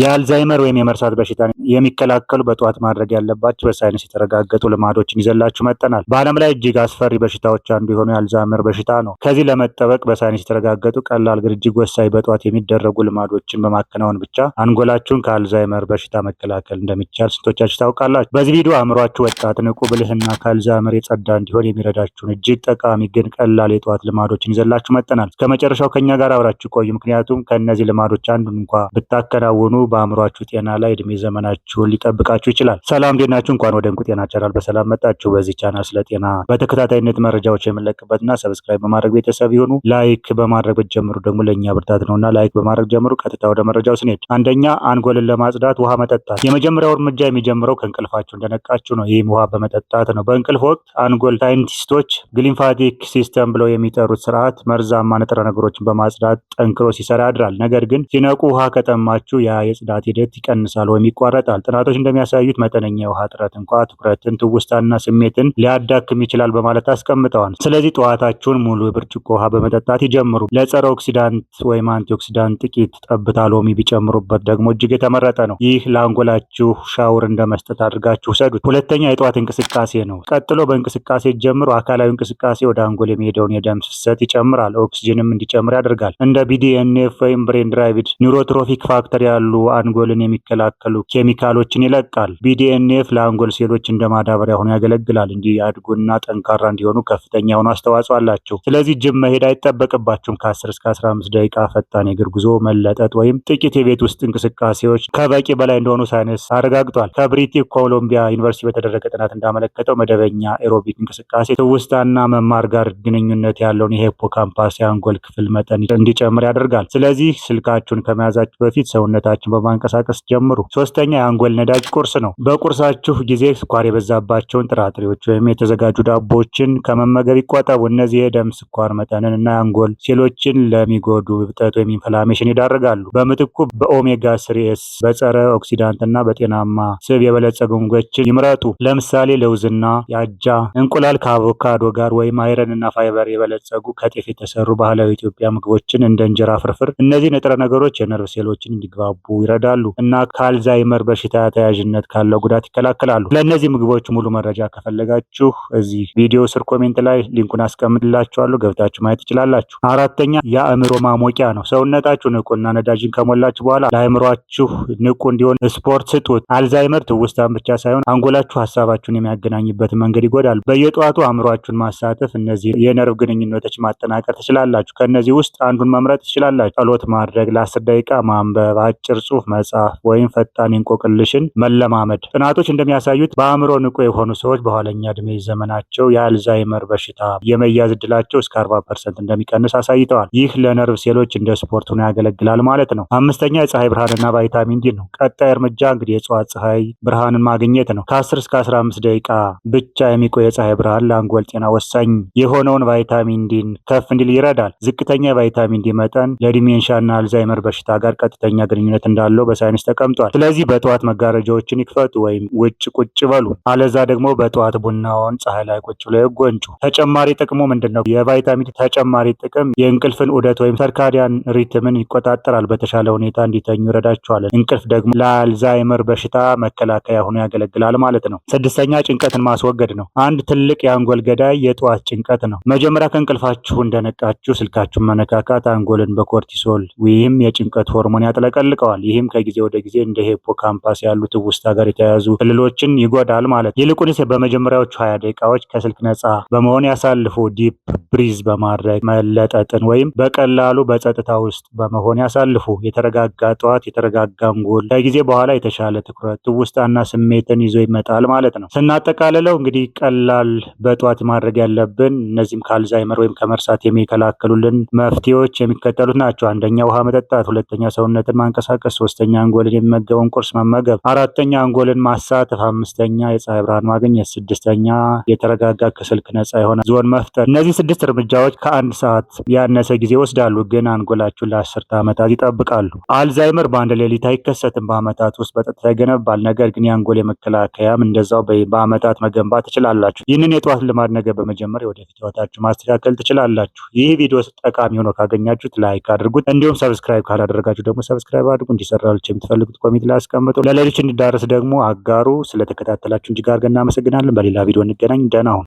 የአልዛይመር ወይም የመርሳት በሽታን የሚከላከሉ በጠዋት ማድረግ ያለባቸው በሳይንስ የተረጋገጡ ልማዶችን ይዘላችሁ መጠናል። በዓለም ላይ እጅግ አስፈሪ በሽታዎች አንዱ የሆነው የአልዛይመር በሽታ ነው። ከዚህ ለመጠበቅ በሳይንስ የተረጋገጡ ቀላል ግን እጅግ ወሳኝ በጠዋት የሚደረጉ ልማዶችን በማከናወን ብቻ አንጎላችሁን ከአልዛይመር በሽታ መከላከል እንደሚቻል ስንቶቻችሁ ታውቃላችሁ? በዚህ ቪዲዮ አእምሯችሁ ወጣት፣ ንቁ፣ ብልህና ከአልዛይመር የጸዳ እንዲሆን የሚረዳችሁን እጅግ ጠቃሚ ግን ቀላል የጠዋት ልማዶችን ይዘላችሁ መጠናል። እስከ መጨረሻው ከኛ ጋር አብራችሁ ቆዩ። ምክንያቱም ከእነዚህ ልማዶች አንዱን እንኳ ብታከናውኑ በአእምሯችሁ ጤና ላይ እድሜ ዘመናችሁን ሊጠብቃችሁ ይችላል። ሰላም እንዴት ናችሁ? እንኳን ወደ እንቁ ጤና ቻናል በሰላም መጣችሁ። በዚህ ቻናል ስለ ጤና በተከታታይነት መረጃዎች የምንለቅበትና ሰብስክራይብ በማድረግ ቤተሰብ የሆኑ ላይክ በማድረግ ጀምሩ ደግሞ ለእኛ ብርታት ነውና ላይክ በማድረግ ጀምሩ። ቀጥታ ወደ መረጃው ስንሄድ አንደኛ አንጎልን ለማጽዳት ውሃ መጠጣት። የመጀመሪያው እርምጃ የሚጀምረው ከእንቅልፋችሁ እንደነቃችሁ ነው። ይህም ውሃ በመጠጣት ነው። በእንቅልፍ ወቅት አንጎል ሳይንቲስቶች ግሊንፋቲክ ሲስተም ብለው የሚጠሩት ስርዓት መርዛማ ንጥረ ነገሮችን በማጽዳት ጠንክሮ ሲሰራ ያድራል። ነገር ግን ሲነቁ ውሃ ከጠማችሁ ያ የጽዳት ሂደት ይቀንሳል ወይም ይቋረጣል። ጥናቶች እንደሚያሳዩት መጠነኛ የውሃ እጥረት እንኳ ትኩረትን፣ ትውስታና ስሜትን ሊያዳክም ይችላል በማለት አስቀምጠዋል። ስለዚህ ጠዋታችሁን ሙሉ ብርጭቆ ውሃ በመጠጣት ይጀምሩ። ለጸረ ኦክሲዳንት ወይም አንቲኦክሲዳንት ጥቂት ጠብታ ሎሚ ቢጨምሩበት ደግሞ እጅግ የተመረጠ ነው። ይህ ለአንጎላችሁ ሻውር እንደመስጠት አድርጋችሁ ሰዱት። ሁለተኛ የጠዋት እንቅስቃሴ ነው። ቀጥሎ በእንቅስቃሴ ጀምሮ አካላዊ እንቅስቃሴ ወደ አንጎል የሚሄደውን የደም ፍሰት ይጨምራል፣ ኦክሲጅንም እንዲጨምር ያደርጋል። እንደ ቢዲኤንኤፍ ወይም ብሬን ድራይቪድ ኒውሮትሮፊክ ፋክተር ያሉ አንጎልን የሚከላከሉ ኬሚካሎችን ይለቃል። ቢዲኤንኤፍ ለአንጎል ሴሎች እንደ ማዳበሪያ ሆኖ ያገለግላል። እንዲያድጉና ጠንካራ እንዲሆኑ ከፍተኛ የሆኑ አስተዋጽኦ አላቸው። ስለዚህ ጅም መሄድ አይጠበቅባችሁም። ከ10 እስከ 15 ደቂቃ ፈጣን የእግር ጉዞ፣ መለጠጥ ወይም ጥቂት የቤት ውስጥ እንቅስቃሴዎች ከበቂ በላይ እንደሆኑ ሳይንስ አረጋግጧል። ከብሪቲሽ ኮሎምቢያ ዩኒቨርሲቲ በተደረገ ጥናት እንዳመለከተው መደበኛ ኤሮቢክ እንቅስቃሴ ትውስታና መማር ጋር ግንኙነት ያለውን የሂፖካምፓስ የአንጎል ክፍል መጠን እንዲጨምር ያደርጋል። ስለዚህ ስልካችሁን ከመያዛችሁ በፊት ሰውነታችሁ ሰውነታችን በማንቀሳቀስ ጀምሩ። ሶስተኛ የአንጎል ነዳጅ ቁርስ ነው። በቁርሳችሁ ጊዜ ስኳር የበዛባቸውን ጥራጥሬዎች ወይም የተዘጋጁ ዳቦችን ከመመገብ ይቆጠቡ። እነዚህ የደም ስኳር መጠንን እና የአንጎል ሴሎችን ለሚጎዱ እብጠት ወይም ኢንፍላሜሽን ይዳርጋሉ። በምትኩ በኦሜጋ ስሪስ በጸረ ኦክሲዳንት እና በጤናማ ስብ የበለጸጉ ምግቦችን ይምረጡ። ለምሳሌ ለውዝና የአጃ እንቁላል ከአቮካዶ ጋር ወይም አይረን እና ፋይበር የበለጸጉ ከጤፍ የተሰሩ ባህላዊ ኢትዮጵያ ምግቦችን እንደ እንጀራ ፍርፍር። እነዚህ ንጥረ ነገሮች የነርቭ ሴሎችን እንዲግባቡ ይረዳሉ እና ከአልዛይመር በሽታ ተያዥነት ካለው ጉዳት ይከላከላሉ። ለእነዚህ ምግቦች ሙሉ መረጃ ከፈለጋችሁ እዚህ ቪዲዮ ስር ኮሜንት ላይ ሊንኩን አስቀምጥላችኋለሁ ገብታችሁ ማየት ትችላላችሁ። አራተኛ የአእምሮ ማሞቂያ ነው። ሰውነታችሁ ንቁና ነዳጅን ከሞላችሁ በኋላ ለአእምሯችሁ ንቁ እንዲሆን ስፖርት ስጡት። አልዛይመር ትውስታን ብቻ ሳይሆን አንጎላችሁ ሀሳባችሁን የሚያገናኝበት መንገድ ይጎዳሉ። በየጠዋቱ አእምሯችሁን ማሳተፍ፣ እነዚህ የነርቭ ግንኙነቶች ማጠናቀር ትችላላችሁ። ከእነዚህ ውስጥ አንዱን መምረጥ ትችላላችሁ። ጸሎት ማድረግ፣ ለአስር ደቂቃ ማንበብ፣ አጭር ጽሑፍ መጻፍ ወይም ፈጣን እንቆቅልሽን መለማመድ። ጥናቶች እንደሚያሳዩት በአእምሮ ንቁ የሆኑ ሰዎች በኋለኛ ዕድሜ ዘመናቸው የአልዛይመር በሽታ የመያዝ ዕድላቸው እስከ 40 ፐርሰንት እንደሚቀንስ አሳይተዋል። ይህ ለነርቭ ሴሎች እንደ ስፖርት ሆኖ ያገለግላል ማለት ነው። አምስተኛ የፀሐይ ብርሃንና ቫይታሚን ዲ ነው። ቀጣይ እርምጃ እንግዲህ የእጽዋት ፀሐይ ብርሃንን ማግኘት ነው። ከ10 እስከ 15 ደቂቃ ብቻ የሚቆይ የፀሐይ ብርሃን ለአንጎል ጤና ወሳኝ የሆነውን ቫይታሚን ዲን ከፍ እንዲል ይረዳል። ዝቅተኛ የቫይታሚን ዲ መጠን ለዲሜንሻ አልዛይመር በሽታ ጋር ቀጥተኛ ግንኙነት እንዳለው በሳይንስ ተቀምጧል። ስለዚህ በጠዋት መጋረጃዎችን ይክፈቱ ወይም ውጭ ቁጭ በሉ። አለዛ ደግሞ በጠዋት ቡናውን ፀሐይ ላይ ቁጭ ብለው ይጎንጩ። ተጨማሪ ጥቅሙ ምንድን ነው? የቫይታሚን ተጨማሪ ጥቅም የእንቅልፍን ዑደት ወይም ሰርካዲያን ሪትምን ይቆጣጠራል። በተሻለ ሁኔታ እንዲተኙ ይረዳቸዋል። እንቅልፍ ደግሞ ለአልዛይመር በሽታ መከላከያ ሆኖ ያገለግላል ማለት ነው። ስድስተኛ ጭንቀትን ማስወገድ ነው። አንድ ትልቅ የአንጎል ገዳይ የጠዋት ጭንቀት ነው። መጀመሪያ ከእንቅልፋችሁ እንደነቃችሁ ስልካችሁን መነካካት አንጎልን በኮርቲሶል ወይም የጭንቀት ሆርሞን ያጥለቀልቀዋል። ይህም ከጊዜ ወደ ጊዜ እንደ ካምፓስ ያሉ ትውስታ ጋር የተያያዙ ክልሎችን ይጎዳል ማለት ነው። ይልቁንስ በመጀመሪያዎቹ ሀያ ደቂቃዎች ከስልክ ነጻ በመሆን ያሳልፉ። ዲፕ ብሪዝ በማድረግ መለጠጥን ወይም በቀላሉ በጸጥታ ውስጥ በመሆን ያሳልፉ። የተረጋጋ ጠዋት፣ የተረጋጋ ንጎል ከጊዜ በኋላ የተሻለ ትኩረት፣ ትውስታና ስሜትን ይዞ ይመጣል ማለት ነው። ስናጠቃልለው እንግዲህ ቀላል በጠዋት ማድረግ ያለብን እነዚህም ከአልዛይመር ወይም ከመርሳት የሚከላከሉልን መፍትሄዎች የሚከተሉት ናቸው። አንደኛ ውሃ መጠጣት፣ ሁለተኛ ሰውነትን ማንቀሳቀስ ሶስተኛ አንጎልን የሚመገበውን ቁርስ መመገብ፣ አራተኛ አንጎልን ማሳተፍ፣ አምስተኛ የፀሐይ ብርሃን ማግኘት፣ ስድስተኛ የተረጋጋ ከስልክ ነፃ የሆነ ዞን መፍጠር። እነዚህ ስድስት እርምጃዎች ከአንድ ሰዓት ያነሰ ጊዜ ይወስዳሉ፣ ግን አንጎላችሁን ለአስርተ ዓመታት ይጠብቃሉ። አልዛይመር በአንድ ሌሊት አይከሰትም፣ በአመታት ውስጥ በጠጥታ ይገነባል። ነገር ግን የአንጎል የመከላከያም እንደዛው በአመታት መገንባት ትችላላችሁ። ይህንን የጠዋት ልማድ ነገር በመጀመር የወደፊት ህይወታችሁ ማስተካከል ትችላላችሁ። ይህ ቪዲዮ ጠቃሚ ሆኖ ካገኛችሁት ላይክ አድርጉት። እንዲሁም ሰብስክራይብ ካላደረጋችሁ ደግሞ ሰብስክራይብ አድርጉ። እንዲሰራላችሁ የምትፈልጉት ኮሚቴ ላይ አስቀምጡ። ለሌሎች እንዲዳረስ ደግሞ አጋሩ። ስለተከታተላችሁ እጅግ አድርገን እናመሰግናለን። በሌላ ቪዲዮ እንገናኝ። ደህና ሁኑ።